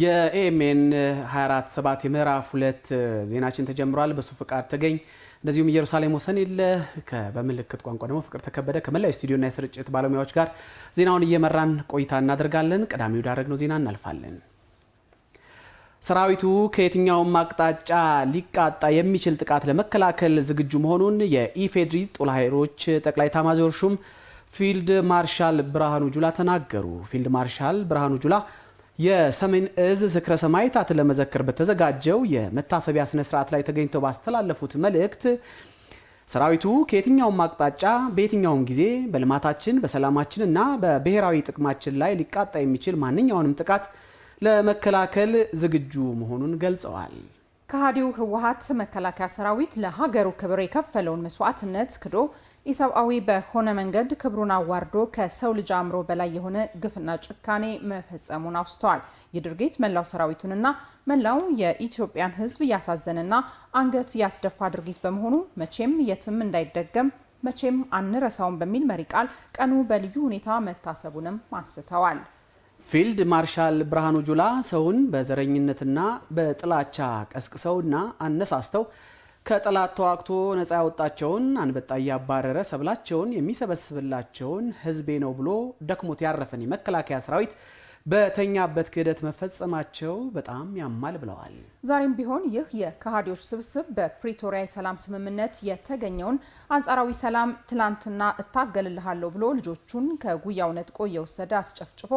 የኤኤምኤን 24 7 የምዕራፍ ሁለት ዜናችን ተጀምሯል። በሱ ፍቃድ ተገኝ እንደዚሁም ኢየሩሳሌም ወሰን የለ በምልክት ቋንቋ ደግሞ ፍቅር ተከበደ ከመላው ስቱዲዮና የስርጭት ባለሙያዎች ጋር ዜናውን እየመራን ቆይታ እናደርጋለን። ቀዳሚ ወዳረግነው ዜና እናልፋለን። ሰራዊቱ ከየትኛውም አቅጣጫ ሊቃጣ የሚችል ጥቃት ለመከላከል ዝግጁ መሆኑን የኢፌድሪ ጦር ኃይሎች ጠቅላይ ኤታማዦር ሹም ፊልድ ማርሻል ብርሃኑ ጁላ ተናገሩ። ፊልድ ማርሻል ብርሃኑ ጁላ የሰሜን እዝ ዝክረ ሰማዕታት ለመዘከር በተዘጋጀው የመታሰቢያ ስነ ስርዓት ላይ ተገኝተው ባስተላለፉት መልእክት ሰራዊቱ ከየትኛውም አቅጣጫ በየትኛውም ጊዜ በልማታችን በሰላማችን እና በብሔራዊ ጥቅማችን ላይ ሊቃጣ የሚችል ማንኛውንም ጥቃት ለመከላከል ዝግጁ መሆኑን ገልጸዋል። ከሃዲው ህወሀት መከላከያ ሰራዊት ለሀገሩ ክብር የከፈለውን መስዋዕትነት ክዶ ኢሰብአዊ በሆነ መንገድ ክብሩን አዋርዶ ከሰው ልጅ አእምሮ በላይ የሆነ ግፍና ጭካኔ መፈጸሙን አውስተዋል። ይህ ድርጊት መላው ሰራዊቱንና መላው የኢትዮጵያን ሕዝብ ያሳዘነና አንገት ያስደፋ ድርጊት በመሆኑ መቼም የትም እንዳይደገም መቼም አንረሳውም በሚል መሪ ቃል ቀኑ በልዩ ሁኔታ መታሰቡንም አንስተዋል። ፊልድ ማርሻል ብርሃኑ ጁላ ሰውን በዘረኝነትና በጥላቻ ቀስቅሰውና አነሳስተው ከጠላት ተዋግቶ ነጻ ያወጣቸውን አንበጣ እያባረረ ሰብላቸውን የሚሰበስብላቸውን ህዝቤ ነው ብሎ ደክሞት ያረፈን የመከላከያ ሰራዊት በተኛበት ክህደት መፈጸማቸው በጣም ያማል ብለዋል። ዛሬም ቢሆን ይህ የካሃዲዎች ስብስብ በፕሪቶሪያ የሰላም ስምምነት የተገኘውን አንጻራዊ ሰላም ትላንትና እታገልልሃለሁ ብሎ ልጆቹን ከጉያው ነጥቆ እየወሰደ አስጨፍጭፎ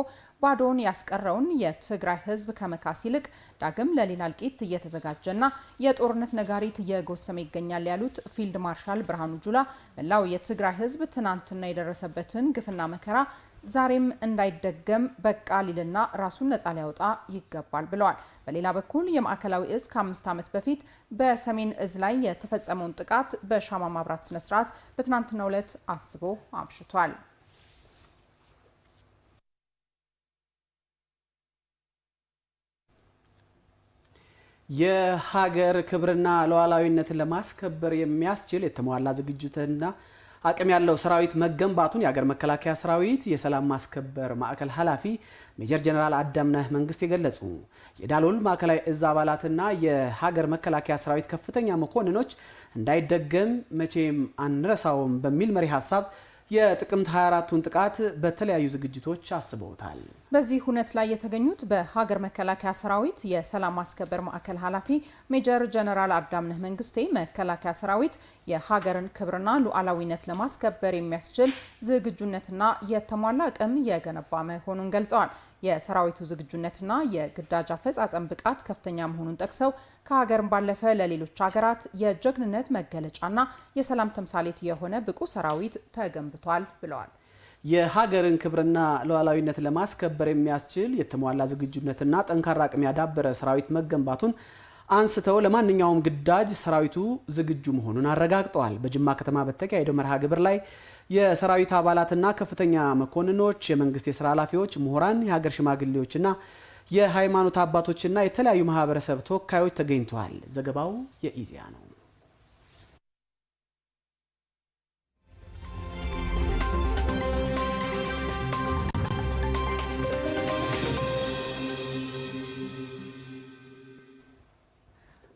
ባዶውን ያስቀረውን የትግራይ ሕዝብ ከመካስ ይልቅ ዳግም ለሌላ እልቂት እየተዘጋጀና የጦርነት ነጋሪት እየጎሰመ ይገኛል ያሉት ፊልድ ማርሻል ብርሃኑ ጁላ መላው የትግራይ ሕዝብ ትናንትና የደረሰበትን ግፍና መከራ ዛሬም እንዳይደገም በቃ ሊልና ራሱን ነጻ ሊያወጣ ይገባል ብለዋል። በሌላ በኩል የማዕከላዊ እዝ ከአምስት ዓመት በፊት በሰሜን እዝ ላይ የተፈጸመውን ጥቃት በሻማ ማብራት ስነስርዓት በትናንትናው ዕለት አስቦ አምሽቷል። የሀገር ክብርና ሉዓላዊነትን ለማስከበር የሚያስችል የተሟላ ዝግጅትና አቅም ያለው ሰራዊት መገንባቱን የአገር መከላከያ ሰራዊት የሰላም ማስከበር ማዕከል ኃላፊ ሜጀር ጀነራል አዳምነህ መንግስት የገለጹ። የዳሎል ማዕከላዊ እዝ አባላትና የሀገር መከላከያ ሰራዊት ከፍተኛ መኮንኖች እንዳይደገም መቼም አንረሳውም በሚል መሪ ሀሳብ የጥቅምት 24ቱን ጥቃት በተለያዩ ዝግጅቶች አስበውታል። በዚህ ሁነት ላይ የተገኙት በሀገር መከላከያ ሰራዊት የሰላም ማስከበር ማዕከል ኃላፊ ሜጀር ጀነራል አዳምነህ መንግስቴ መከላከያ ሰራዊት የሀገርን ክብርና ሉዓላዊነት ለማስከበር የሚያስችል ዝግጁነትና የተሟላ አቅም የገነባ መሆኑን ገልጸዋል። የሰራዊቱ ዝግጁነትና የግዳጅ አፈጻጸም ብቃት ከፍተኛ መሆኑን ጠቅሰው ከሀገርን ባለፈ ለሌሎች ሀገራት የጀግንነት መገለጫና የሰላም ተምሳሌት የሆነ ብቁ ሰራዊት ተገንብቷል ብለዋል። የሀገርን ክብርና ሉዓላዊነት ለማስከበር የሚያስችል የተሟላ ዝግጁነትና ጠንካራ አቅም ያዳበረ ሰራዊት መገንባቱን አንስተው ለማንኛውም ግዳጅ ሰራዊቱ ዝግጁ መሆኑን አረጋግጠዋል። በጅማ ከተማ በተካሄደው መርሃ ግብር ላይ የሰራዊት አባላትና ከፍተኛ መኮንኖች፣ የመንግስት የስራ ኃላፊዎች፣ ምሁራን፣ የሀገር ሽማግሌዎችና የሃይማኖት አባቶችና የተለያዩ ማህበረሰብ ተወካዮች ተገኝተዋል። ዘገባው የኢዜአ ነው።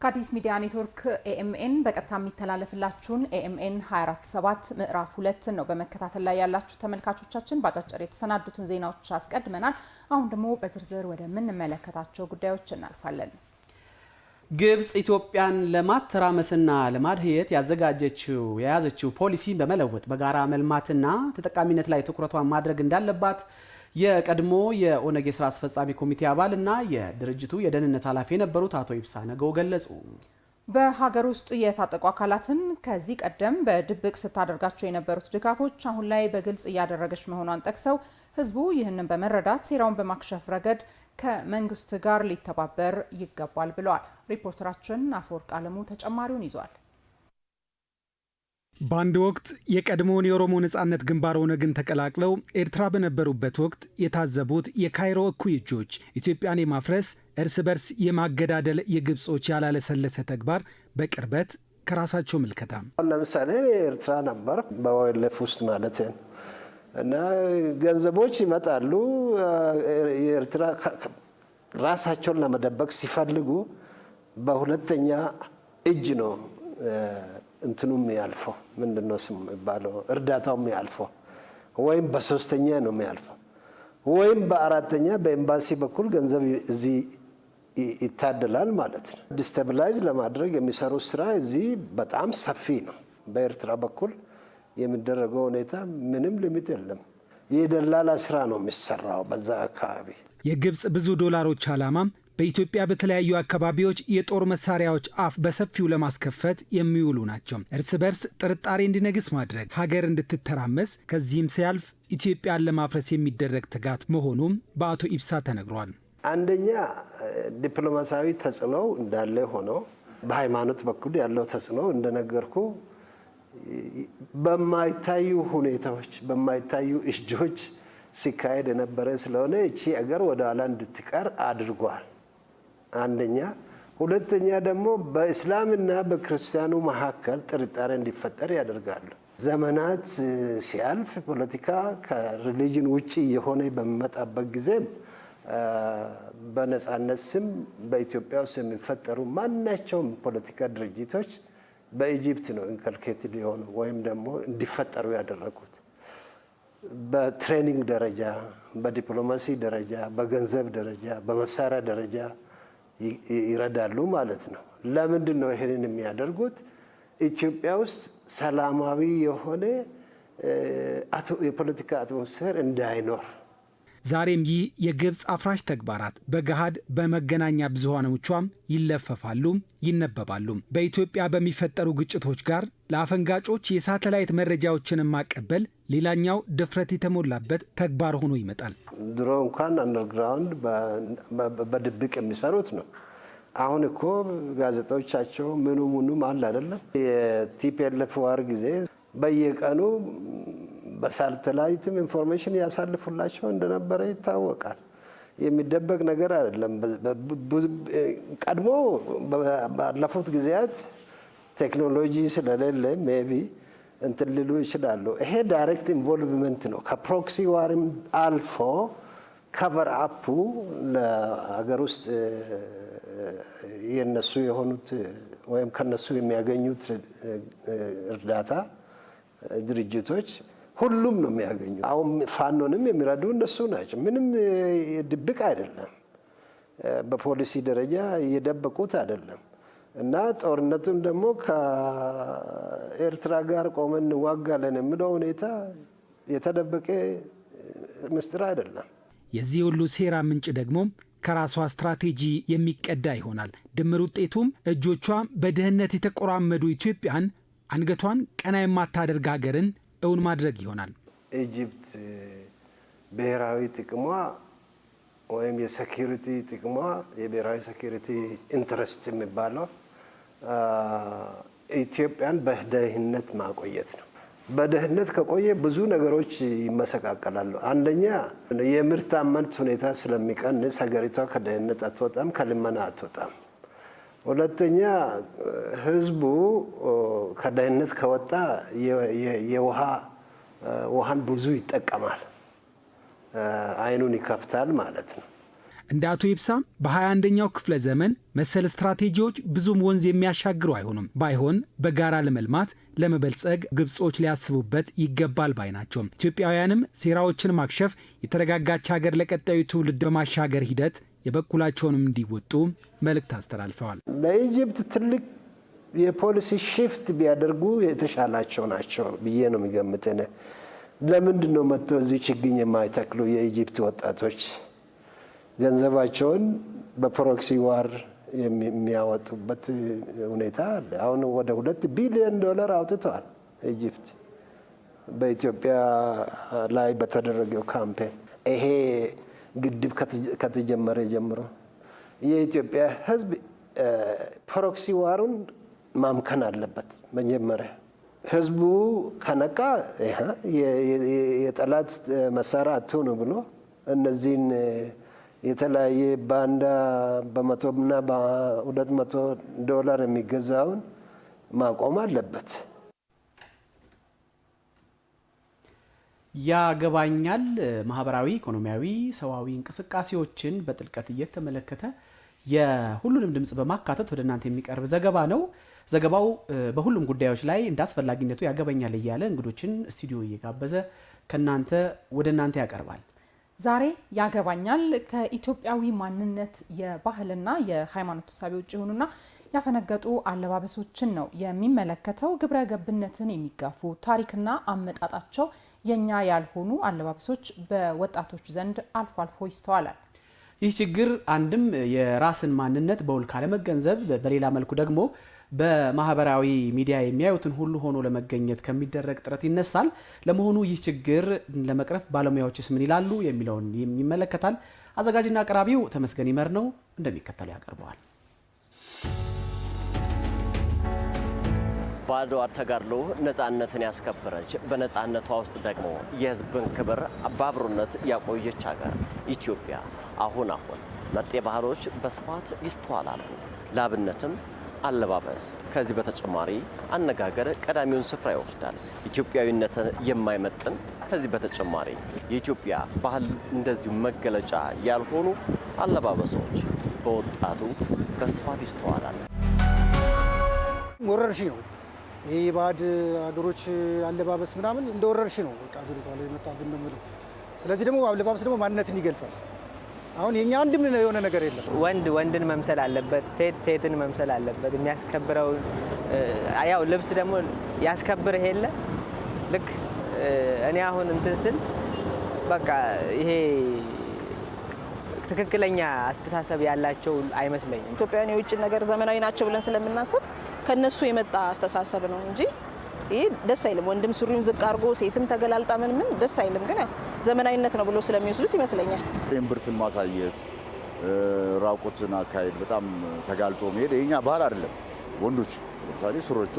ከአዲስ ሚዲያ ኔትወርክ ኤኤምኤን በቀጥታ የሚተላለፍላችሁን ኤኤምኤን 247 ምዕራፍ ሁለትን ነው በመከታተል ላይ ያላችሁ ተመልካቾቻችን። በአጫጭር የተሰናዱትን ዜናዎች አስቀድመናል። አሁን ደግሞ በዝርዝር ወደምንመለከታቸው ጉዳዮች እናልፋለን። ግብጽ ኢትዮጵያን ለማተራመስና ለማድህየት ያዘጋጀችው የያዘችው ፖሊሲ በመለወጥ በጋራ መልማትና ተጠቃሚነት ላይ ትኩረቷን ማድረግ እንዳለባት የቀድሞ የኦነግ የስራ አስፈጻሚ ኮሚቴ አባል እና የድርጅቱ የደህንነት ኃላፊ የነበሩት አቶ ይብሳ ነገው ገለጹ። በሀገር ውስጥ የታጠቁ አካላትን ከዚህ ቀደም በድብቅ ስታደርጋቸው የነበሩት ድጋፎች አሁን ላይ በግልጽ እያደረገች መሆኗን ጠቅሰው ህዝቡ ይህንን በመረዳት ሴራውን በማክሸፍ ረገድ ከመንግስት ጋር ሊተባበር ይገባል ብለዋል። ሪፖርተራችን አፈወርቅ አለሙ ተጨማሪውን ይዟል። በአንድ ወቅት የቀድሞውን የኦሮሞ ነጻነት ግንባር ኦነግን ተቀላቅለው ኤርትራ በነበሩበት ወቅት የታዘቡት የካይሮ እኩይ እጆች ኢትዮጵያን የማፍረስ እርስ በርስ የማገዳደል የግብጾች ያላለሰለሰ ተግባር በቅርበት ከራሳቸው ምልከታ ለምሳሌ ኤርትራ ነበር በወለፍ ውስጥ ማለት እና ገንዘቦች ይመጣሉ። የኤርትራ ራሳቸውን ለመደበቅ ሲፈልጉ በሁለተኛ እጅ ነው እንትኑም ያልፈው ምንድነው ስም የሚባለው እርዳታውም ያልፈው ወይም በሶስተኛ ነው የሚያልፈው ወይም በአራተኛ በኤምባሲ በኩል ገንዘብ እዚህ ይታደላል ማለት ነው። ዲስተብላይዝ ለማድረግ የሚሰሩት ስራ እዚህ በጣም ሰፊ ነው። በኤርትራ በኩል የሚደረገው ሁኔታ ምንም ልሚት የለም። የደላላ ስራ ነው የሚሰራው በዛ አካባቢ። የግብፅ ብዙ ዶላሮች አላማ። በኢትዮጵያ በተለያዩ አካባቢዎች የጦር መሳሪያዎች አፍ በሰፊው ለማስከፈት የሚውሉ ናቸው። እርስ በርስ ጥርጣሬ እንዲነግስ ማድረግ፣ ሀገር እንድትተራመስ ከዚህም ሲያልፍ ኢትዮጵያን ለማፍረስ የሚደረግ ትጋት መሆኑም በአቶ ኢብሳ ተነግሯል። አንደኛ ዲፕሎማሲያዊ ተጽዕኖው እንዳለ ሆኖ በሃይማኖት በኩል ያለው ተጽዕኖ እንደነገርኩ በማይታዩ ሁኔታዎች በማይታዩ እጆች ሲካሄድ የነበረ ስለሆነ እቺ አገር ወደኋላ እንድትቀር አድርጓል። አንደኛ። ሁለተኛ ደግሞ በእስላምና በክርስቲያኑ መካከል ጥርጣሬ እንዲፈጠር ያደርጋሉ። ዘመናት ሲያልፍ ፖለቲካ ከሪሊጅን ውጭ የሆነ በሚመጣበት ጊዜም በነጻነት ስም በኢትዮጵያ ውስጥ የሚፈጠሩ ማናቸውም ፖለቲካ ድርጅቶች በኢጅፕት ነው ኢንከልኬት ሊሆኑ ወይም ደግሞ እንዲፈጠሩ ያደረጉት። በትሬኒንግ ደረጃ፣ በዲፕሎማሲ ደረጃ፣ በገንዘብ ደረጃ፣ በመሳሪያ ደረጃ ይረዳሉ ማለት ነው። ለምንድን ነው ይህንን የሚያደርጉት? ኢትዮጵያ ውስጥ ሰላማዊ የሆነ የፖለቲካ አትሞስፌር እንዳይኖር ዛሬም ይህ የግብፅ አፍራሽ ተግባራት በገሃድ በመገናኛ ብዙሃኖቿም ይለፈፋሉ፣ ይነበባሉ። በኢትዮጵያ በሚፈጠሩ ግጭቶች ጋር ለአፈንጋጮች የሳተላይት መረጃዎችን ማቀበል ሌላኛው ድፍረት የተሞላበት ተግባር ሆኖ ይመጣል። ድሮ እንኳን አንደርግራውንድ በድብቅ የሚሰሩት ነው። አሁን እኮ ጋዜጦቻቸው ምኑ ምኑም አለ አይደለም። የቲፒኤልኤፍ ዋር ጊዜ በየቀኑ በሳተላይትም ኢንፎርሜሽን ያሳልፉላቸው እንደነበረ ይታወቃል። የሚደበቅ ነገር አይደለም። ቀድሞ ባለፉት ጊዜያት ቴክኖሎጂ ስለሌለ ሜቢ እንትን ልሉ ይችላሉ። ይሄ ዳይሬክት ኢንቮልቭመንት ነው። ከፕሮክሲ ዋርም አልፎ ከቨር አፑ ለሀገር ውስጥ የነሱ የሆኑት ወይም ከነሱ የሚያገኙት እርዳታ ድርጅቶች ሁሉም ነው የሚያገኙ አሁን ፋኖንም የሚረዱ እነሱ ናቸው። ምንም ድብቅ አይደለም። በፖሊሲ ደረጃ እየደበቁት አይደለም። እና ጦርነቱን ደግሞ ከኤርትራ ጋር ቆመን እንዋጋለን የሚለው ሁኔታ የተደበቀ ምስጢር አይደለም። የዚህ ሁሉ ሴራ ምንጭ ደግሞ ከራሷ ስትራቴጂ የሚቀዳ ይሆናል። ድምር ውጤቱም እጆቿ በድህነት የተቆራመዱ ኢትዮጵያን፣ አንገቷን ቀና የማታደርግ ሀገርን እውን ማድረግ ይሆናል። ኢጅፕት ብሔራዊ ጥቅሟ ወይም የሴኪሪቲ ጥቅሟ የብሔራዊ ሴኪሪቲ ኢንትረስት የሚባለው ኢትዮጵያን በደህንነት ማቆየት ነው። በደህንነት ከቆየ ብዙ ነገሮች ይመሰቃቀላሉ። አንደኛ የምርታማነት ሁኔታ ስለሚቀንስ ሀገሪቷ ከደህንነት አትወጣም፣ ከልመና አትወጣም። ሁለተኛ ህዝቡ ከደህንነት ከወጣ የውሃ ውሃን ብዙ ይጠቀማል፣ አይኑን ይከፍታል ማለት ነው። እንደ አቶ ይብሳም በ21ኛው ክፍለ ዘመን መሰል ስትራቴጂዎች ብዙም ወንዝ የሚያሻግሩ አይሆኑም። ባይሆን በጋራ ለመልማት ለመበልጸግ ግብጾች ሊያስቡበት ይገባል ባይ ናቸው። ኢትዮጵያውያንም ሴራዎችን ማክሸፍ፣ የተረጋጋች ሀገር ለቀጣዩ ትውልድ በማሻገር ሂደት የበኩላቸውንም እንዲወጡ መልእክት አስተላልፈዋል። ለኢጅፕት ትልቅ የፖሊሲ ሽፍት ቢያደርጉ የተሻላቸው ናቸው ብዬ ነው የሚገምት። ለምንድን ነው መጥቶ እዚህ ችግኝ የማይተክሉ የኢጅፕት ወጣቶች? ገንዘባቸውን በፕሮክሲ ዋር የሚያወጡበት ሁኔታ አለ። አሁን ወደ ሁለት ቢሊዮን ዶላር አውጥተዋል ኢጅፕት በኢትዮጵያ ላይ በተደረገው ካምፔን። ይሄ ግድብ ከተጀመረ ጀምሮ የኢትዮጵያ ሕዝብ ፕሮክሲ ዋሩን ማምከን አለበት። መጀመሪያ ሕዝቡ ከነቃ የጠላት መሳሪያ አትሆኑ ብሎ እነዚህን የተለያየ በአንዳ በመቶ እና በሁለት መቶ ዶላር የሚገዛውን ማቆም አለበት። ያገባኛል ማህበራዊ፣ ኢኮኖሚያዊ፣ ሰብአዊ እንቅስቃሴዎችን በጥልቀት እየተመለከተ የሁሉንም ድምፅ በማካተት ወደ እናንተ የሚቀርብ ዘገባ ነው። ዘገባው በሁሉም ጉዳዮች ላይ እንደ አስፈላጊነቱ ያገበኛል እያለ እንግዶችን ስቱዲዮ እየጋበዘ ከእናንተ ወደ እናንተ ያቀርባል። ዛሬ ያገባኛል ከኢትዮጵያዊ ማንነት የባህልና የሃይማኖት እሳቤ ውጭ የሆኑና ያፈነገጡ አለባበሶችን ነው የሚመለከተው። ግብረ ገብነትን የሚጋፉ ታሪክና አመጣጣቸው የኛ ያልሆኑ አለባበሶች በወጣቶች ዘንድ አልፎ አልፎ ይስተዋላል። ይህ ችግር አንድም የራስን ማንነት በውል ካለመገንዘብ፣ በሌላ መልኩ ደግሞ በማህበራዊ ሚዲያ የሚያዩትን ሁሉ ሆኖ ለመገኘት ከሚደረግ ጥረት ይነሳል። ለመሆኑ ይህ ችግር ለመቅረፍ ባለሙያዎችስ ምን ይላሉ የሚለውን ይመለከታል። አዘጋጅና አቅራቢው ተመስገን ይመር ነው፣ እንደሚከተለው ያቀርበዋል። በአድዋ ተጋድሎ ነፃነትን ያስከበረች በነፃነቷ ውስጥ ደግሞ የህዝብን ክብር በአብሮነት ያቆየች ሀገር ኢትዮጵያ አሁን አሁን መጤ ባህሎች በስፋት ይስተዋላሉ። ላብነትም አለባበስ፣ ከዚህ በተጨማሪ አነጋገር ቀዳሚውን ስፍራ ይወስዳል። ኢትዮጵያዊነትን የማይመጥን ከዚህ በተጨማሪ የኢትዮጵያ ባህል እንደዚሁ መገለጫ ያልሆኑ አለባበሶች በወጣቱ በስፋት ይስተዋላል። ወረርሽኝ ነው ይህ የባዕድ አገሮች አለባበስ ምናምን እንደ ወረርሽኝ ነው በቃ ሀገሪቷ ላይ መጣብን። ስለዚህ ደግሞ አለባበስ ደግሞ ማንነትን ይገልጻል። አሁን የኛ አንድም የሆነ ነገር የለም። ወንድ ወንድን መምሰል አለበት፣ ሴት ሴትን መምሰል አለበት። የሚያስከብረው ያው ልብስ ደግሞ ያስከብርህ የለ ልክ እኔ አሁን እንትን ስል በቃ ይሄ ትክክለኛ አስተሳሰብ ያላቸው አይመስለኝም። ኢትዮጵያውያን የውጭ ነገር ዘመናዊ ናቸው ብለን ስለምናስብ ከነሱ የመጣ አስተሳሰብ ነው እንጂ ይህ ደስ አይልም። ወንድም ሱሪውን ዝቅ አድርጎ ሴትም ተገላልጣ ምን ምን ደስ አይልም። ግን ዘመናዊነት ነው ብሎ ስለሚወስዱት ይመስለኛል። እምብርትን ማሳየት፣ ራቁትን አካሄድ፣ በጣም ተጋልጦ መሄድ የኛ ባህል አይደለም። ወንዶች ለምሳሌ ሱሪዎቹ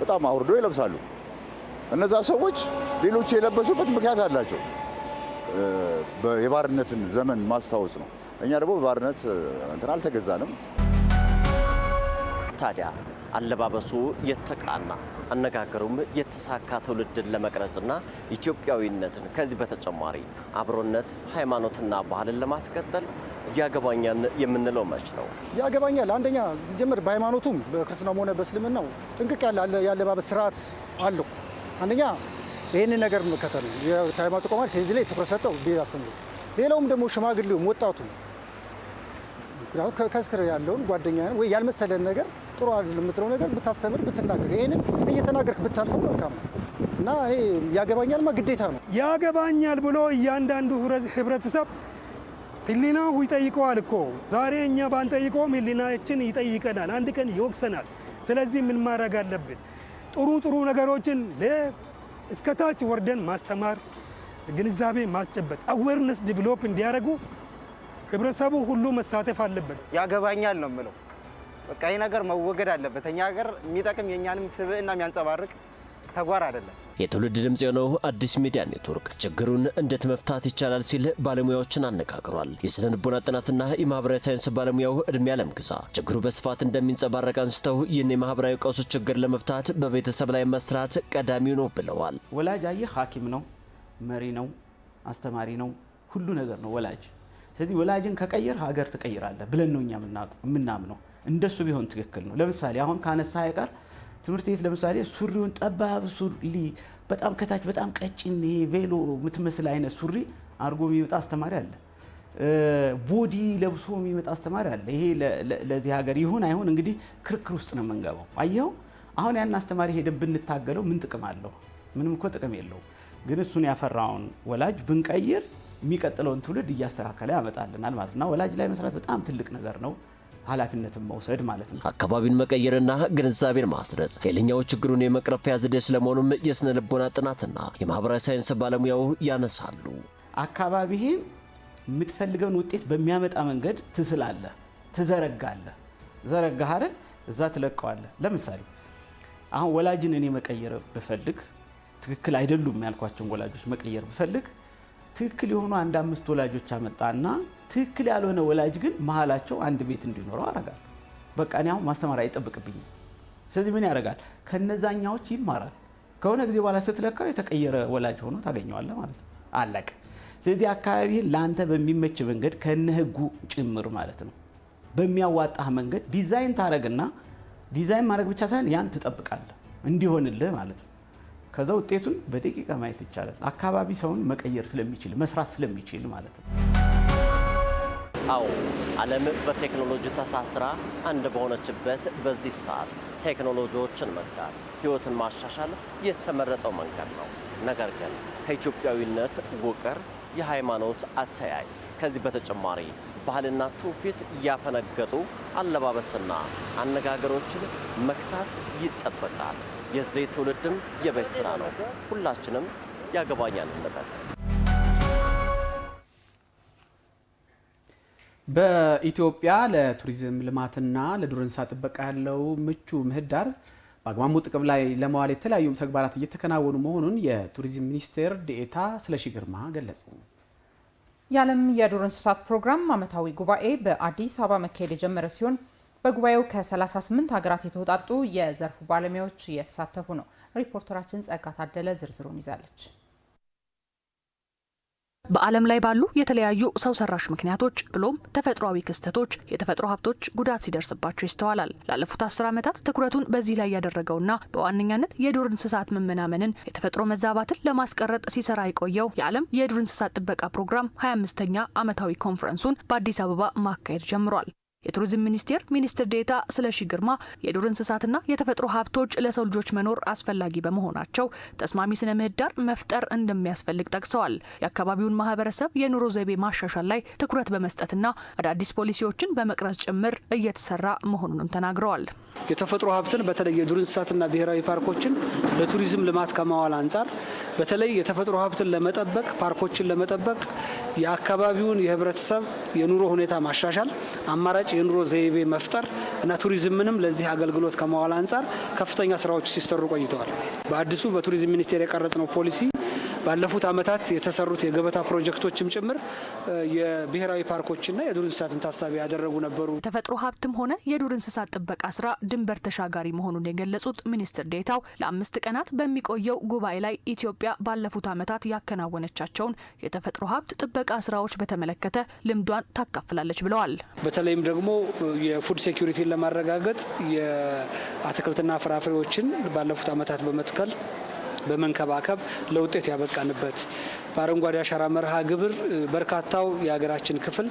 በጣም አውርዶ ይለብሳሉ። እነዛ ሰዎች ሌሎቹ የለበሱበት ምክንያት አላቸው። የባርነትን ዘመን ማስታወስ ነው። እኛ ደግሞ በባርነት እንትን አልተገዛንም ታዲያ አለባበሱ የተቃና አነጋገሩም የተሳካ ትውልድን ለመቅረጽና ኢትዮጵያዊነትን ከዚህ በተጨማሪ አብሮነት፣ ሃይማኖትና ባህልን ለማስቀጠል ያገባኛል የምንለው መች ነው? ያገባኛል አንደኛ ሲጀምር በሃይማኖቱም በክርስትናም ሆነ በእስልምናው ጥንቅቅ ያለ የአለባበስ ስርዓት አለው። አንደኛ ይህንን ነገር መከተል ሃይማኖት ተቋማት ስለዚህ ላይ ትኩረት ሰጠው ሌላውም ደግሞ ሽማግሌውም ወጣቱ አሁን ከስክር ያለውን ጓደኛ ወይ ያልመሰለን ነገር ጥሩ አይደለም የምትለው ነገር ብታስተምር ብትናገር፣ ይሄንን እየተናገርክ ብታልፈው መልካም ነው እና ይሄ ያገባኛልማ ግዴታ ነው። ያገባኛል ብሎ እያንዳንዱ ህብረተሰብ ህሊናው ይጠይቀዋል እኮ ዛሬ እኛ ባንጠይቀውም ህሊናችን ይጠይቀናል፣ አንድ ቀን ይወቅሰናል። ስለዚህ ምን ማድረግ አለብን? ጥሩ ጥሩ ነገሮችን እስከታች ወርደን ማስተማር፣ ግንዛቤ ማስጨበጥ፣ አዌርነስ ዲቨሎፕ እንዲያደርጉ ህብረተሰቡ ሁሉ መሳተፍ አለበት ያገባኛል ነው የምለው። በቃ ይህ ነገር መወገድ አለበት። እኛ ሀገር የሚጠቅም የእኛንም ስብዕና የሚያንጸባርቅ ተግባር አይደለም። የትውልድ ድምፅ የሆነው አዲስ ሚዲያ ኔትወርክ ችግሩን እንዴት መፍታት ይቻላል ሲል ባለሙያዎችን አነጋግሯል። የስነ ልቦና ጥናትና የማህበራዊ ሳይንስ ባለሙያው እድሜ ያለም ግዛ ችግሩ በስፋት እንደሚንጸባረቅ አንስተው ይህን የማህበራዊ ቀውሱ ችግር ለመፍታት በቤተሰብ ላይ መስራት ቀዳሚው ነው ብለዋል። ወላጅ አየህ ሐኪም ነው፣ መሪ ነው፣ አስተማሪ ነው፣ ሁሉ ነገር ነው ወላጅ ስለዚህ ወላጅን ከቀየር ሀገር ትቀይራለህ ብለን ነው እኛ የምናምነው። እንደሱ ቢሆን ትክክል ነው። ለምሳሌ አሁን ከአነሳ አይቀር ትምህርት ቤት ለምሳሌ ሱሪውን ጠባብ ሱሪ በጣም ከታች በጣም ቀጭን ይሄ ቬሎ የምትመስል አይነት ሱሪ አድርጎ የሚመጣ አስተማሪ አለ። ቦዲ ለብሶ የሚመጣ አስተማሪ አለ። ይሄ ለዚህ ሀገር ይሁን አይሁን እንግዲህ ክርክር ውስጥ ነው የምንገባው። አየው አሁን ያን አስተማሪ ሄደን ብንታገለው ምን ጥቅም አለው? ምንም እኮ ጥቅም የለውም። ግን እሱን ያፈራውን ወላጅ ብንቀይር የሚቀጥለውን ትውልድ እያስተካከለ ያመጣልናል ማለት ነው። ወላጅ ላይ መስራት በጣም ትልቅ ነገር ነው። ኃላፊነትን መውሰድ ማለት ነው። አካባቢን መቀየርና ግንዛቤን ማስረጽ ሌላኛው ችግሩን የመቅረፊያ ዘዴ ስለመሆኑም የስነ ልቦና ጥናትና የማህበራዊ ሳይንስ ባለሙያው ያነሳሉ። አካባቢህን የምትፈልገውን ውጤት በሚያመጣ መንገድ ትስላለ፣ ትዘረጋለ። ዘረጋህ እዛ ትለቀዋለ። ለምሳሌ አሁን ወላጅን እኔ መቀየር ብፈልግ ትክክል አይደሉም ያልኳቸውን ወላጆች መቀየር ብፈልግ ትክክል የሆኑ አንድ አምስት ወላጆች አመጣና ትክክል ያልሆነ ወላጅ ግን መሀላቸው አንድ ቤት እንዲኖረው አረጋል። በቃ እኔ አሁን ማስተማር አይጠብቅብኝም። ስለዚህ ምን ያደርጋል? ከነዛኛዎች ይማራል። ከሆነ ጊዜ በኋላ ስትለካው የተቀየረ ወላጅ ሆኖ ታገኘዋለ ማለት ነው። አለቀ። ስለዚህ አካባቢ ለአንተ በሚመች መንገድ ከነ ህጉ ጭምር ማለት ነው በሚያዋጣህ መንገድ ዲዛይን ታረግና ዲዛይን ማድረግ ብቻ ሳይሆን ያን ትጠብቃለህ እንዲሆንልህ ማለት ነው። ከዛ ውጤቱን በደቂቃ ማየት ይቻላል። አካባቢ ሰውን መቀየር ስለሚችል መስራት ስለሚችል ማለት ነው። አዎ ዓለም በቴክኖሎጂ ተሳስራ አንድ በሆነችበት በዚህ ሰዓት ቴክኖሎጂዎችን መግዳት ሕይወትን ማሻሻል የተመረጠው መንገድ ነው። ነገር ግን ከኢትዮጵያዊነት ውቅር የሃይማኖት አተያይ ከዚህ በተጨማሪ ባህልና ትውፊት እያፈነገጡ አለባበስና አነጋገሮችን መክታት ይጠበቃል። የዚህ ትውልድም የቤት ስራ ነው። ሁላችንም ያገባኛል እንላለን። በኢትዮጵያ ለቱሪዝም ልማትና ለዱር እንስሳ ጥበቃ ያለው ምቹ ምህዳር በአግማሙ ጥቅም ላይ ለመዋል የተለያዩ ተግባራት እየተከናወኑ መሆኑን የቱሪዝም ሚኒስቴር ዴኤታ ስለሺ ግርማ ገለጹ። የዓለም የዱር እንስሳት ፕሮግራም ዓመታዊ ጉባኤ በአዲስ አበባ መካሄድ የጀመረ ሲሆን በጉባኤው ከ38 ሀገራት የተውጣጡ የዘርፉ ባለሙያዎች እየተሳተፉ ነው። ሪፖርተራችን ጸጋ ታደለ ዝርዝሩን ይዛለች። በዓለም ላይ ባሉ የተለያዩ ሰው ሰራሽ ምክንያቶች ብሎም ተፈጥሯዊ ክስተቶች የተፈጥሮ ሀብቶች ጉዳት ሲደርስባቸው ይስተዋላል። ላለፉት አስር ዓመታት ትኩረቱን በዚህ ላይ ያደረገውና በዋነኛነት የዱር እንስሳት መመናመንን፣ የተፈጥሮ መዛባትን ለማስቀረጥ ሲሰራ የቆየው የዓለም የዱር እንስሳት ጥበቃ ፕሮግራም 25ኛ ዓመታዊ ኮንፈረንሱን በአዲስ አበባ ማካሄድ ጀምሯል። የቱሪዝም ሚኒስቴር ሚኒስትር ዴታ ስለሺ ግርማ የዱር እንስሳትና የተፈጥሮ ሀብቶች ለሰው ልጆች መኖር አስፈላጊ በመሆናቸው ተስማሚ ስነ ምህዳር መፍጠር እንደሚያስፈልግ ጠቅሰዋል። የአካባቢውን ማህበረሰብ የኑሮ ዘይቤ ማሻሻል ላይ ትኩረት በመስጠትና አዳዲስ ፖሊሲዎችን በመቅረጽ ጭምር እየተሰራ መሆኑንም ተናግረዋል። የተፈጥሮ ሀብትን በተለይ የዱር እንስሳትና ብሔራዊ ፓርኮችን ለቱሪዝም ልማት ከማዋል አንጻር በተለይ የተፈጥሮ ሀብትን ለመጠበቅ ፓርኮችን ለመጠበቅ የአካባቢውን የህብረተሰብ የኑሮ ሁኔታ ማሻሻል፣ አማራጭ የኑሮ ዘይቤ መፍጠር እና ቱሪዝምንም ለዚህ አገልግሎት ከማዋል አንጻር ከፍተኛ ስራዎች ሲሰሩ ቆይተዋል። በአዲሱ በቱሪዝም ሚኒስቴር የቀረጽ ነው ፖሊሲ ባለፉት ዓመታት የተሰሩት የገበታ ፕሮጀክቶችም ጭምር የብሔራዊ ፓርኮችና የዱር እንስሳትን ታሳቢ ያደረጉ ነበሩ። ተፈጥሮ ሀብትም ሆነ የዱር እንስሳት ጥበቃ ስራ ድንበር ተሻጋሪ መሆኑን የገለጹት ሚኒስትር ዴታው ለአምስት ቀናት በሚቆየው ጉባኤ ላይ ኢትዮጵያ ባለፉት ዓመታት ያከናወነቻቸውን የተፈጥሮ ሀብት ጥበቃ ስራዎች በተመለከተ ልምዷን ታካፍላለች ብለዋል። በተለይም ደግሞ የፉድ ሴኩሪቲን ለማረጋገጥ የአትክልትና ፍራፍሬዎችን ባለፉት ዓመታት በመትከል በመንከባከብ ለውጤት ያበቃንበት በአረንጓዴ አሻራ መርሃ ግብር በርካታው የሀገራችን ክፍል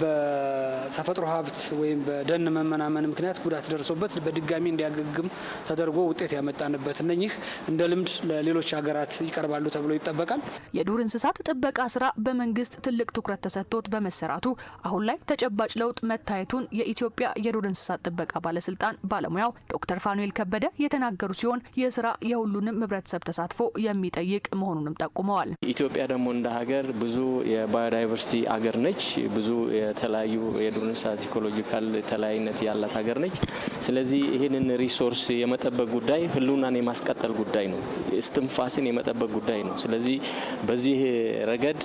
በተፈጥሮ ሀብት ወይም በደን መመናመን ምክንያት ጉዳት ደርሶበት በድጋሚ እንዲያገግም ተደርጎ ውጤት ያመጣንበት እነኚህ እንደ ልምድ ለሌሎች ሀገራት ይቀርባሉ ተብሎ ይጠበቃል። የዱር እንስሳት ጥበቃ ስራ በመንግስት ትልቅ ትኩረት ተሰጥቶት በመሰራቱ አሁን ላይ ተጨባጭ ለውጥ መታየቱን የኢትዮጵያ የዱር እንስሳት ጥበቃ ባለስልጣን ባለሙያው ዶክተር ፋኑኤል ከበደ የተናገሩ ሲሆን ይህ ስራ የሁሉንም ህብረተሰብ ተሳትፎ የሚጠይቅ መሆኑንም ጠቁመዋል። ኢትዮጵያ ኢትዮጵያ ደግሞ እንደ ሀገር ብዙ የባዮዳይቨርሲቲ አገር ነች። ብዙ የተለያዩ የዱር እንስሳት ኢኮሎጂካል ተለያይነት ያላት ሀገር ነች። ስለዚህ ይህንን ሪሶርስ የመጠበቅ ጉዳይ ሕልውናን የማስቀጠል ጉዳይ ነው። እስትንፋስን የመጠበቅ ጉዳይ ነው። ስለዚህ በዚህ ረገድ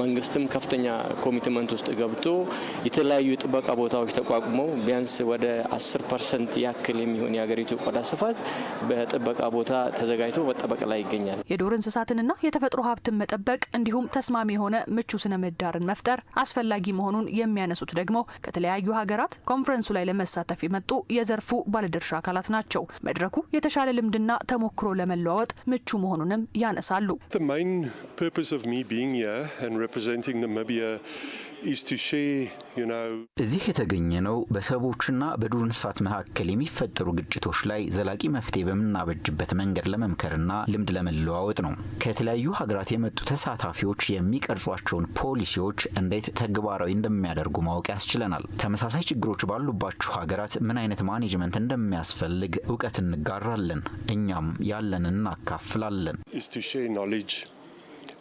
መንግስትም ከፍተኛ ኮሚትመንት ውስጥ ገብቶ የተለያዩ የጥበቃ ቦታዎች ተቋቁመው ቢያንስ ወደ 10 ፐርሰንት ያክል የሚሆን የሀገሪቱ ቆዳ ስፋት በጥበቃ ቦታ ተዘጋጅቶ መጠበቅ ላይ ይገኛል። የዱር እንስሳትንና የተፈጥሮ ሀብትን መጠበቅ እንዲሁም ተስማሚ የሆነ ምቹ ስነ ምህዳርን መፍጠር አስፈላጊ መሆኑን የሚያነሱት ደግሞ ከተለያዩ ሀገራት ኮንፈረንሱ ላይ ለመሳተፍ የመጡ የዘርፉ ባለድርሻ አካላት ናቸው። መድረኩ የተሻለ ልምድና ተሞክሮ ለመለዋወጥ ምቹ መሆኑንም ያነሳሉ። እዚህ የተገኘ ነው በሰዎችና በዱር እንስሳት መካከል የሚፈጠሩ ግጭቶች ላይ ዘላቂ መፍትሄ በምናበጅበት መንገድ ለመምከርና ልምድ ለመለዋወጥ ነው። ከተለያዩ ሀገራት የመጡ ተሳታፊዎች የሚቀርጿቸውን ፖሊሲዎች እንዴት ተግባራዊ እንደሚያደርጉ ማወቅ ያስችለናል። ተመሳሳይ ችግሮች ባሉባቸው ሀገራት ምን አይነት ማኔጅመንት እንደሚያስፈልግ እውቀት እንጋራለን፣ እኛም ያለን እናካፍላለን።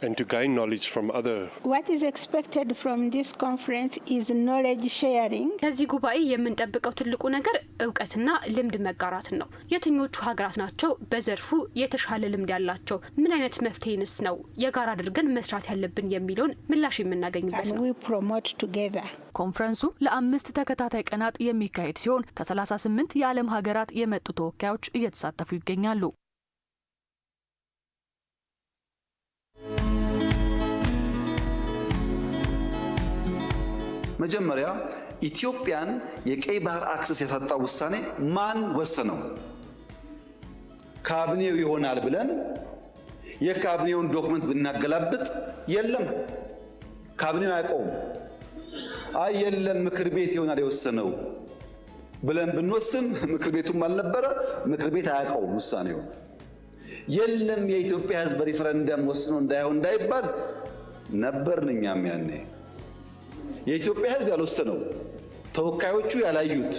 and to gain knowledge from other. What is expected from this conference is knowledge sharing. ከዚህ ጉባኤ የምንጠብቀው ትልቁ ነገር እውቀትና ልምድ መጋራት ነው። የትኞቹ ሀገራት ናቸው በዘርፉ የተሻለ ልምድ ያላቸው? ምን አይነት መፍትሄንስ ነው የጋራ አድርገን መስራት ያለብን የሚለውን ምላሽ የምናገኝበት ነው። ኮንፈረንሱ ለአምስት ተከታታይ ቀናት የሚካሄድ ሲሆን ከ38 የዓለም ሀገራት የመጡ ተወካዮች እየተሳተፉ ይገኛሉ። መጀመሪያ ኢትዮጵያን የቀይ ባህር አክሰስ ያሳጣው ውሳኔ ማን ወሰነው? ካቢኔው ይሆናል ብለን የካቢኔውን ዶክመንት ብናገላብጥ የለም፣ ካቢኔው አያውቀውም። አይ የለም ምክር ቤት ይሆናል የወሰነው ብለን ብንወስን ምክር ቤቱም አልነበረ፣ ምክር ቤት አያውቀውም ውሳኔው። የለም የኢትዮጵያ ሕዝብ በሪፈረንደም ወስኖ እንዳይሆን እንዳይባል ነበርን እኛም ያኔ የኢትዮጵያ ሕዝብ ያልወሰነው ተወካዮቹ ያላዩት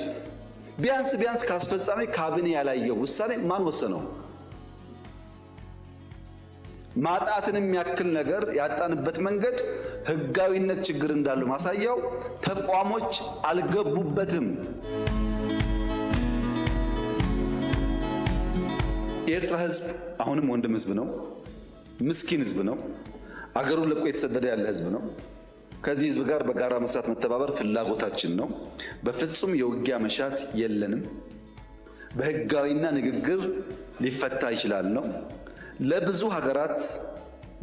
ቢያንስ ቢያንስ ከአስፈጻሚ ካቢኔ ያላየው ውሳኔ ማን ወሰነው? ማጣትን የሚያክል ነገር ያጣንበት መንገድ ህጋዊነት ችግር እንዳለው ማሳያው ተቋሞች አልገቡበትም። የኤርትራ ህዝብ አሁንም ወንድም ህዝብ ነው። ምስኪን ህዝብ ነው። አገሩን ለቆ የተሰደደ ያለ ህዝብ ነው። ከዚህ ህዝብ ጋር በጋራ መስራት፣ መተባበር ፍላጎታችን ነው። በፍጹም የውጊያ መሻት የለንም። በህጋዊና ንግግር ሊፈታ ይችላል ነው። ለብዙ ሀገራት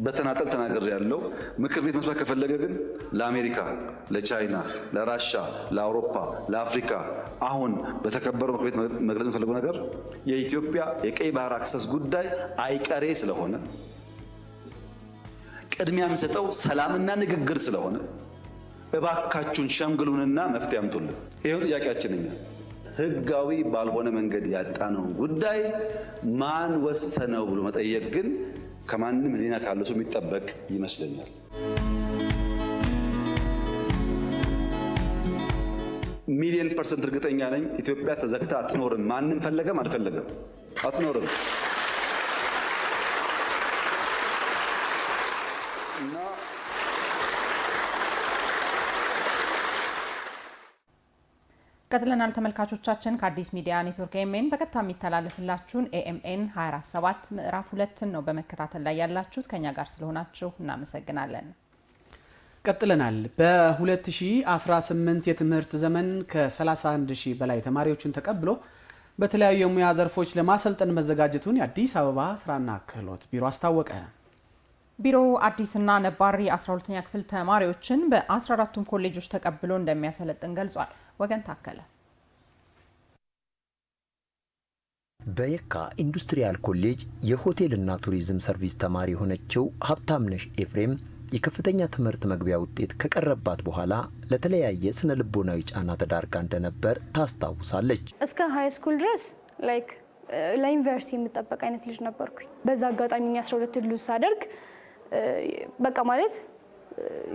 በተናጠል ተናገር ያለው ምክር ቤት መስራት ከፈለገ ግን ለአሜሪካ፣ ለቻይና፣ ለራሻ፣ ለአውሮፓ፣ ለአፍሪካ አሁን በተከበረው ምክር ቤት መግለጽ የፈለገው ነገር የኢትዮጵያ የቀይ ባህር አክሰስ ጉዳይ አይቀሬ ስለሆነ ቅድሚያ የምሰጠው ሰላምና ንግግር ስለሆነ እባካችሁን ሸምግሉንና መፍትሄ አምጡልን። ይኸው ጥያቄያችን እኛ ህጋዊ ባልሆነ መንገድ ያጣነውን ጉዳይ ማን ወሰነው ብሎ መጠየቅ ግን ከማንም ሕሊና ካለ ሰው የሚጠበቅ ይመስለኛል። ሚሊዮን ፐርሰንት እርግጠኛ ነኝ ኢትዮጵያ ተዘግታ አትኖርም። ማንም ፈለገም አልፈለገም አትኖርም። ቀጥለናል ተመልካቾቻችን ከአዲስ ሚዲያ ኔትወርክ ኤምኤን በቀጥታ የሚተላለፍላችሁን ኤኤምኤን 247 ምዕራፍ ሁለትን ነው በመከታተል ላይ ያላችሁት። ከኛ ጋር ስለሆናችሁ እናመሰግናለን። ቀጥለናል። በ2018 የትምህርት ዘመን ከ31 ሺህ በላይ ተማሪዎችን ተቀብሎ በተለያዩ የሙያ ዘርፎች ለማሰልጠን መዘጋጀቱን የአዲስ አበባ ስራና ክህሎት ቢሮ አስታወቀ። ቢሮው አዲስና ነባሪ 12ኛ ክፍል ተማሪዎችን በ14ቱም ኮሌጆች ተቀብሎ እንደሚያሰለጥን ገልጿል። ወገን ታከለ በየካ ኢንዱስትሪያል ኮሌጅ የሆቴልና ቱሪዝም ሰርቪስ ተማሪ የሆነችው ሀብታምነሽ ኤፍሬም የከፍተኛ ትምህርት መግቢያ ውጤት ከቀረባት በኋላ ለተለያየ ስነ ልቦናዊ ጫና ተዳርጋ እንደነበር ታስታውሳለች። እስከ ሀይ ስኩል ድረስ ላይክ ለዩኒቨርሲቲ የምጠበቅ አይነት ልጅ ነበርኩኝ። በዛ አጋጣሚ አስራ ሁለት ልዩ ሳደርግ በቃ ማለት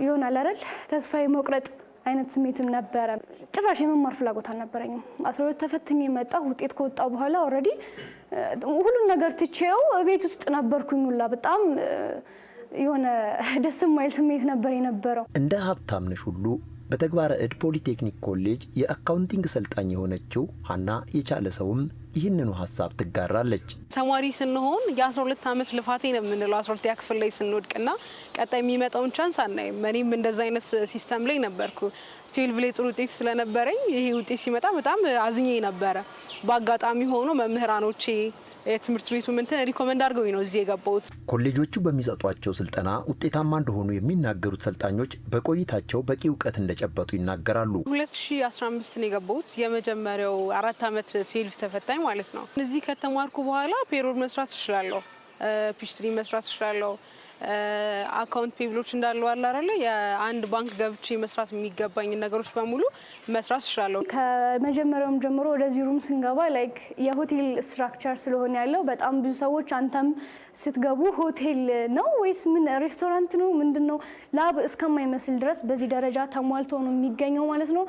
ይሆናል አይደል ተስፋ መቁረጥ አይነት ስሜትም ነበረ። ጭራሽ የመማር ፍላጎት አልነበረኝም። አስራ ሁለት ተፈትኝ የመጣ ውጤት ከወጣ በኋላ ኦልሬዲ ሁሉን ነገር ትቼው ቤት ውስጥ ነበርኩኝ ሁላ በጣም የሆነ ደስ የማይል ስሜት ነበር የነበረው። እንደ ሀብታምነሽ ሁሉ በተግባረ እድ ፖሊቴክኒክ ኮሌጅ የአካውንቲንግ ሰልጣኝ የሆነችው ሀና የቻለ ሰውም ይህንኑ ሀሳብ ትጋራለች። ተማሪ ስንሆን የ12 ዓመት ልፋቴ ነው የምንለው 12ኛ ክፍል ላይ ስንወድቅና ቀጣይ የሚመጣውን ቻንስ አናይም። እኔም እንደዚ አይነት ሲስተም ላይ ነበርኩ። ትዌልቭ ላይ ጥሩ ውጤት ስለነበረኝ ይሄ ውጤት ሲመጣ በጣም አዝኜ ነበረ። በአጋጣሚ ሆኖ መምህራኖቼ የትምህርት ቤቱ ምንትን ሪኮመንድ አድርገው ነው እዚህ የገባሁት። ኮሌጆቹ በሚሰጧቸው ስልጠና ውጤታማ እንደሆኑ የሚናገሩት ሰልጣኞች በቆይታቸው በቂ እውቀት እንደጨበጡ ይናገራሉ። 2015 ነው የገባሁት የመጀመሪያው አራት ዓመት ትዌልቭ ተፈታኝ ማለት ነው። እዚህ ከተማርኩ በኋላ ፔሮድ መስራት እችላለሁ፣ ፒችትሪ መስራት እችላለሁ አካውንት ፔብሎች እንዳሉ አለ አይደለ? የአንድ ባንክ ገብቼ መስራት የሚገባኝ ነገሮች በሙሉ መስራት እችላለሁ። ከመጀመሪያውም ጀምሮ ወደዚህ ሩም ስንገባ ላይክ የሆቴል ስትራክቸር ስለሆነ ያለው በጣም ብዙ ሰዎች አንተም ስትገቡ ሆቴል ነው ወይስ ምን ሬስቶራንት ነው ምንድን ነው ላብ እስከማይመስል ድረስ በዚህ ደረጃ ተሟልቶ ነው የሚገኘው ማለት ነው።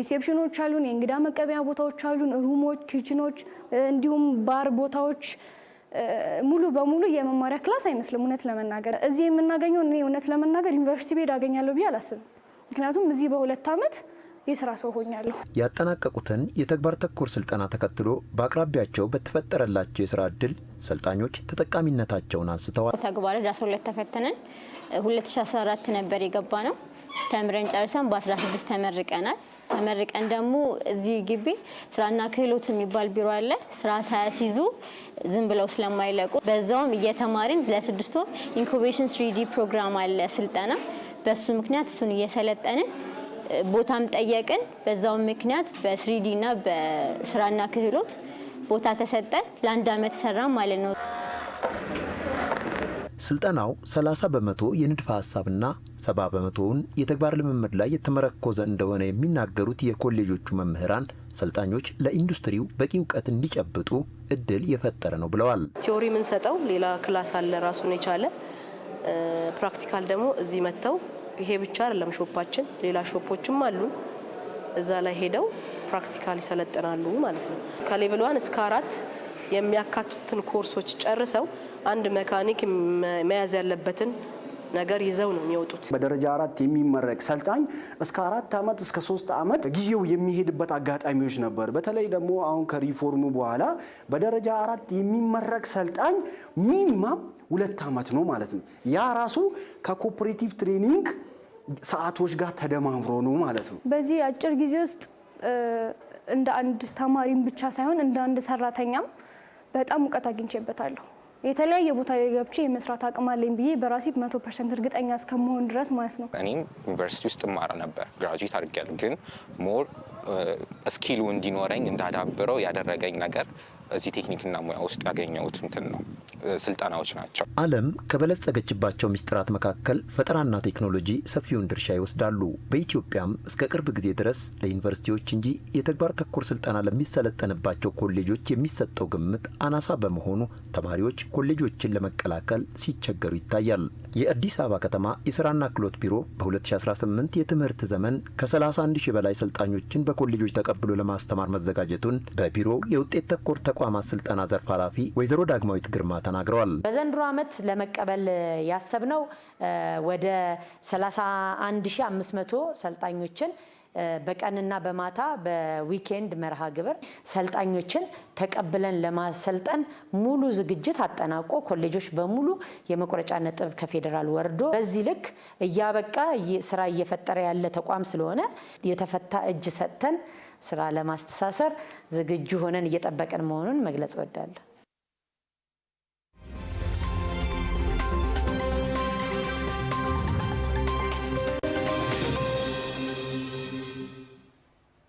ሪሴፕሽኖች አሉን፣ የእንግዳ መቀበያ ቦታዎች አሉን፣ ሩሞች፣ ኪችኖች እንዲሁም ባር ቦታዎች ሙሉ በሙሉ የመማሪያ ክላስ አይመስልም። እውነት ለመናገር እዚህ የምናገኘው እኔ እውነት ለመናገር ዩኒቨርሲቲ ቤድ አገኛለሁ ብዬ አላስብም። ምክንያቱም እዚህ በሁለት ዓመት የስራ ሰው ሆኛለሁ። ያጠናቀቁትን የተግባር ተኮር ስልጠና ተከትሎ በአቅራቢያቸው በተፈጠረላቸው የስራ እድል ሰልጣኞች ተጠቃሚነታቸውን አንስተዋል። ተግባር 12 ተፈተነን 2014 ነበር የገባ ነው። ተምረን ጨርሰን በ16 ተመርቀናል። ተመርቀን ደግሞ እዚህ ግቢ ስራና ክህሎት የሚባል ቢሮ አለ። ስራ ሳያስይዙ ዝም ብለው ስለማይለቁ በዛውም እየተማሪን ለስድስት ወር ኢንኩቤሽን ስሪዲ ፕሮግራም አለ ስልጠና። በሱ ምክንያት እሱን እየሰለጠንን ቦታም ጠየቅን። በዛውም ምክንያት በስሪዲ እና በስራና ክህሎት ቦታ ተሰጠን። ለአንድ አመት ሰራም ማለት ነው። ስልጠናው 30 በመቶ የንድፈ ሐሳብና 70 በመቶውን የተግባር ልምምድ ላይ የተመረኮዘ እንደሆነ የሚናገሩት የኮሌጆቹ መምህራን ሰልጣኞች ለኢንዱስትሪው በቂ እውቀት እንዲጨብጡ እድል የፈጠረ ነው ብለዋል። ቲዎሪ የምንሰጠው ሌላ ክላስ አለ ራሱን የቻለ ፕራክቲካል ደግሞ እዚህ መጥተው ይሄ ብቻ አይደለም ሾፓችን፣ ሌላ ሾፖችም አሉን እዛ ላይ ሄደው ፕራክቲካል ይሰለጠናሉ ማለት ነው። ከሌቭል ዋን እስከ አራት የሚያካትቱትን ኮርሶች ጨርሰው አንድ መካኒክ መያዝ ያለበትን ነገር ይዘው ነው የሚወጡት። በደረጃ አራት የሚመረቅ ሰልጣኝ እስከ አራት ዓመት እስከ ሶስት ዓመት ጊዜው የሚሄድበት አጋጣሚዎች ነበር። በተለይ ደግሞ አሁን ከሪፎርሙ በኋላ በደረጃ አራት የሚመረቅ ሰልጣኝ ሚኒማም ሁለት ዓመት ነው ማለት ነው። ያ ራሱ ከኮፐሬቲቭ ትሬኒንግ ሰዓቶች ጋር ተደማምሮ ነው ማለት ነው። በዚህ አጭር ጊዜ ውስጥ እንደ አንድ ተማሪም ብቻ ሳይሆን እንደ አንድ ሰራተኛም በጣም እውቀት አግኝቼበታለሁ። የተለያየ ቦታ ላይ ገብቼ የመስራት አቅም አለኝ ብዬ በራሴ መቶ ፐርሰንት እርግጠኛ እስከመሆን ድረስ ማለት ነው። እኔም ዩኒቨርሲቲ ውስጥ እማራ ነበር፣ ግራጁዌት አድርጊያለሁ። ግን ሞር ስኪሉ እንዲኖረኝ እንዳዳብረው ያደረገኝ ነገር እዚህ ቴክኒክና ሙያ ውስጥ ያገኘሁት እንትን ነው ስልጠናዎች ናቸው። ዓለም ከበለጸገችባቸው ሚስጥራት መካከል ፈጠራና ቴክኖሎጂ ሰፊውን ድርሻ ይወስዳሉ። በኢትዮጵያም እስከ ቅርብ ጊዜ ድረስ ለዩኒቨርሲቲዎች እንጂ የተግባር ተኮር ስልጠና ለሚሰለጠንባቸው ኮሌጆች የሚሰጠው ግምት አናሳ በመሆኑ ተማሪዎች ኮሌጆችን ለመቀላቀል ሲቸገሩ ይታያል። የአዲስ አበባ ከተማ የስራና ክህሎት ቢሮ በ2018 የትምህርት ዘመን ከ31 ሺህ በላይ ሰልጣኞችን በኮሌጆች ተቀብሎ ለማስተማር መዘጋጀቱን በቢሮው የውጤት ተኮር ተቋማት ስልጠና ዘርፍ ኃላፊ ወይዘሮ ዳግማዊት ግርማ ተናግረዋል። በዘንድሮ ዓመት ለመቀበል ያሰብነው ወደ 31500 ሰልጣኞችን በቀንና በማታ በዊኬንድ መርሃ ግብር ሰልጣኞችን ተቀብለን ለማሰልጠን ሙሉ ዝግጅት አጠናቆ ኮሌጆች በሙሉ የመቁረጫ ነጥብ ከፌዴራል ወርዶ በዚህ ልክ እያበቃ ስራ እየፈጠረ ያለ ተቋም ስለሆነ የተፈታ እጅ ሰጥተን ስራ ለማስተሳሰር ዝግጁ ሆነን እየጠበቀን መሆኑን መግለጽ እወዳለሁ።